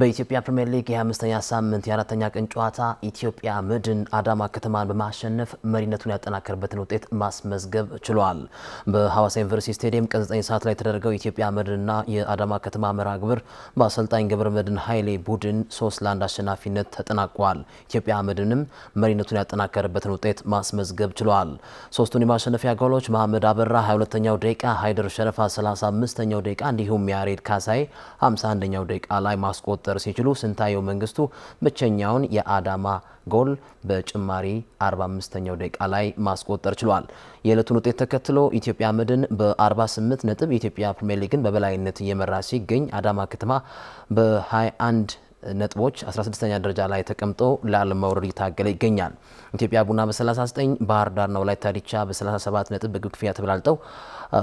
በኢትዮጵያ ፕሪምየር ሊግ የ ሳምንት የአራተኛ ቀን ጨዋታ ኢትዮጵያ መድን አዳማ ከተማን በማሸነፍ መሪነቱን ያጠናከርበትን ውጤት ማስመዝገብ ችሏል። በሐዋሳ ዩኒቨርሲቲ ስቴዲየም ቀን 9 ሰዓት ላይ የተደረገው ኢትዮጵያ መድንና የአዳማ ከተማ መርሃ ግብር በአሰልጣኝ ገብረ መድን ኃይሌ ቡድን ሶስት ለአንድ አሸናፊነት ተጠናቋል። ኢትዮጵያ መድንም መሪነቱን ያጠናከርበትን ውጤት ማስመዝገብ ችሏል። ሶስቱን የማሸነፊያ ጎሎች መሐመድ አበራ 22ኛው ደቂቃ፣ ሀይደር ሸረፋ 35ኛው ደቂቃ እንዲሁም ያሬድ ካሳይ 51ኛው ደቂቃ ላይ ማስቆ ማስቆጠር ሲችሉ ስንታየው መንግስቱ ብቸኛውን የአዳማ ጎል በጭማሪ 45ኛው ደቂቃ ላይ ማስቆጠር ችሏል። የዕለቱን ውጤት ተከትሎ ኢትዮጵያ መድን በ48 ነጥብ የኢትዮጵያ ፕሪምየር ሊግን በበላይነት እየመራ ሲገኝ አዳማ ከተማ በ21 ነጥቦች 16ኛ ደረጃ ላይ ተቀምጦ ላለመውረድ እየታገለ ይገኛል። ኢትዮጵያ ቡና በ39 ባህር ዳርና ወላይታ ዲቻ በ37 ነጥብ በግብ ክፍያ ተበላልጠው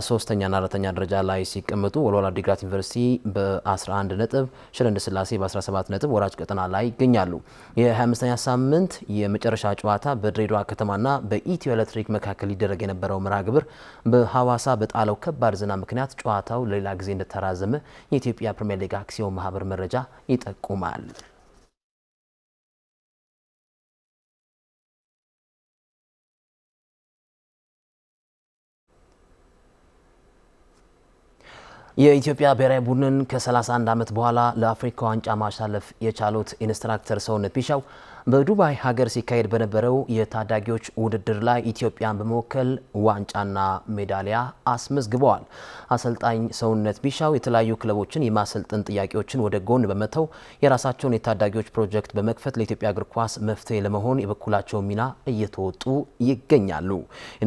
ሶስተኛና አራተኛ ደረጃ ላይ ሲቀመጡ ወልዋላ ዲግራት ዩኒቨርሲቲ በ11 ነጥብ፣ ሽረ ስላሴ በ17 ነጥብ ወራጅ ቀጠና ላይ ይገኛሉ። የ25ኛ ሳምንት የመጨረሻ ጨዋታ በድሬዳዋ ከተማና በኢትዮ ኤሌክትሪክ መካከል ሊደረግ የነበረው መርሃ ግብር በሐዋሳ በጣለው ከባድ ዝናብ ምክንያት ጨዋታው ለሌላ ጊዜ እንደተራዘመ የኢትዮጵያ ፕሪምየር ሊግ አክሲዮን ማህበር መረጃ ይጠቁማል። ይጠቅማል። የኢትዮጵያ ብሔራዊ ቡድንን ከ31 ዓመት በኋላ ለአፍሪካ ዋንጫ ማሳለፍ የቻሉት ኢንስትራክተር ሰውነት ቢሻው በዱባይ ሀገር ሲካሄድ በነበረው የታዳጊዎች ውድድር ላይ ኢትዮጵያን በመወከል ዋንጫና ሜዳሊያ አስመዝግበዋል። አሰልጣኝ ሰውነት ቢሻው የተለያዩ ክለቦችን የማሰልጠን ጥያቄዎችን ወደ ጎን በመተው የራሳቸውን የታዳጊዎች ፕሮጀክት በመክፈት ለኢትዮጵያ እግር ኳስ መፍትሄ ለመሆን የበኩላቸውን ሚና እየተወጡ ይገኛሉ።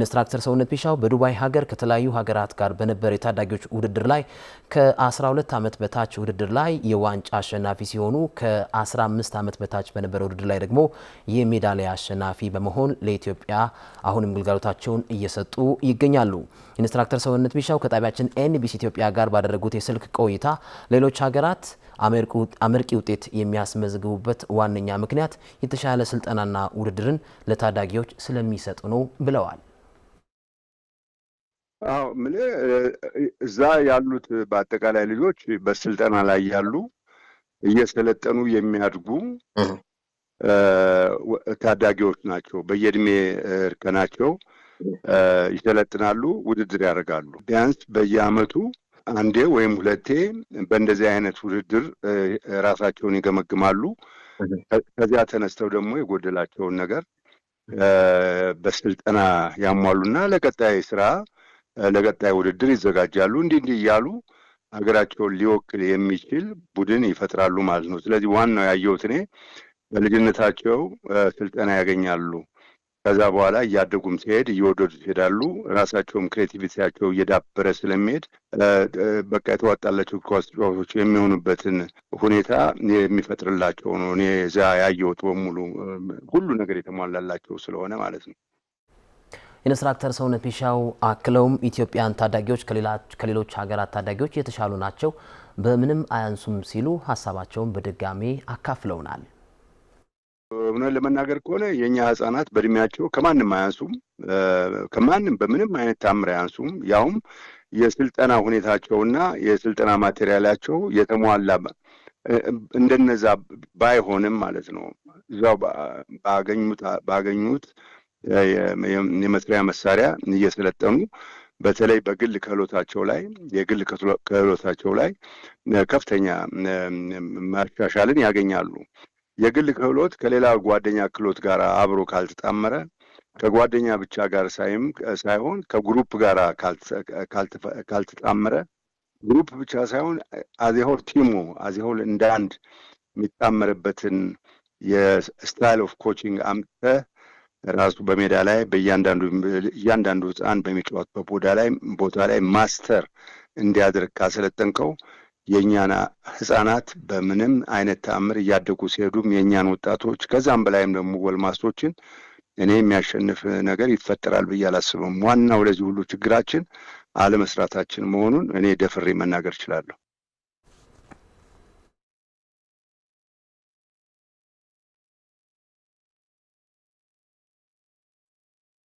ኢንስትራክተር ሰውነት ቢሻው በዱባይ ሀገር ከተለያዩ ሀገራት ጋር በነበረ የታዳጊዎች ውድድር ላይ ከ12 ዓመት በታች ውድድር ላይ የዋንጫ አሸናፊ ሲሆኑ ከ15 ዓመት በታች በነበረ ውድድር ላይ ደግሞ የሜዳሊያ አሸናፊ በመሆን ለኢትዮጵያ አሁንም ግልጋሎታቸውን እየሰጡ ይገኛሉ። ኢንስትራክተር ሰውነት ቢሻው ከጣቢያችን ኤንቢሲ ኢትዮጵያ ጋር ባደረጉት የስልክ ቆይታ ሌሎች ሀገራት አመርቂ ውጤት የሚያስመዝግቡበት ዋነኛ ምክንያት የተሻለ ስልጠናና ውድድርን ለታዳጊዎች ስለሚሰጡ ነው ብለዋል። አዎ ምን እዛ ያሉት በአጠቃላይ ልጆች በስልጠና ላይ ያሉ እየሰለጠኑ የሚያድጉ ታዳጊዎች ናቸው። በየእድሜ እርከናቸው ይሰለጥናሉ፣ ውድድር ያደርጋሉ። ቢያንስ በየአመቱ አንዴ ወይም ሁለቴ በእንደዚህ አይነት ውድድር ራሳቸውን ይገመግማሉ። ከዚያ ተነስተው ደግሞ የጎደላቸውን ነገር በስልጠና ያሟሉና ለቀጣይ ስራ ለቀጣይ ውድድር ይዘጋጃሉ። እንዲህ እንዲህ እያሉ ሀገራቸውን ሊወክል የሚችል ቡድን ይፈጥራሉ ማለት ነው። ስለዚህ ዋናው ያየሁት እኔ በልጅነታቸው ስልጠና ያገኛሉ። ከዛ በኋላ እያደጉም ሲሄድ እየወደዱ ይሄዳሉ። ራሳቸውም ክሬቲቪቲያቸው እየዳበረ ስለሚሄድ በቃ የተዋጣላቸው ኳስ የሚሆኑበትን ሁኔታ የሚፈጥርላቸው ነው። እኔ እዛ ያየሁት በሙሉ ሁሉ ነገር የተሟላላቸው ስለሆነ ማለት ነው። ኢንስትራክተር ሰውነት ቢሻው አክለውም ኢትዮጵያን ታዳጊዎች ከሌሎች ሀገራት ታዳጊዎች የተሻሉ ናቸው፣ በምንም አያንሱም ሲሉ ሀሳባቸውን በድጋሜ አካፍለውናል። እውነት ለመናገር ከሆነ የእኛ ህጻናት በእድሜያቸው ከማንም አያንሱም፣ ከማንም በምንም አይነት ታምር አያንሱም። ያውም የስልጠና ሁኔታቸውና የስልጠና ማቴሪያላቸው የተሟላ እንደነዛ ባይሆንም ማለት ነው እዛው ባገኙት የመስሪያ መሳሪያ እየሰለጠኑ በተለይ በግል ክህሎታቸው ላይ የግል ክህሎታቸው ላይ ከፍተኛ ማሻሻልን ያገኛሉ። የግል ክህሎት ከሌላ ጓደኛ ክህሎት ጋር አብሮ ካልተጣመረ ከጓደኛ ብቻ ጋር ሳይሆን ከግሩፕ ጋር ካልተጣመረ ግሩፕ ብቻ ሳይሆን አዜሆል ቲሙ አዜሆል እንደ አንድ የሚጣመርበትን የስታይል ኦፍ ኮችንግ አምጥተህ ራሱ በሜዳ ላይ በእያንዳንዱ እያንዳንዱ ሕፃን በሚጫወትበት ቦታ ላይ ቦታ ላይ ማስተር እንዲያደርግ ካሰለጠንከው የእኛን ህፃናት በምንም አይነት ተአምር እያደጉ ሲሄዱም የእኛን ወጣቶች ከዛም በላይም ደግሞ ጎልማሶችን እኔ የሚያሸንፍ ነገር ይፈጠራል ብዬ አላስብም። ዋናው ለዚህ ሁሉ ችግራችን አለመስራታችን መሆኑን እኔ ደፍሬ መናገር እችላለሁ።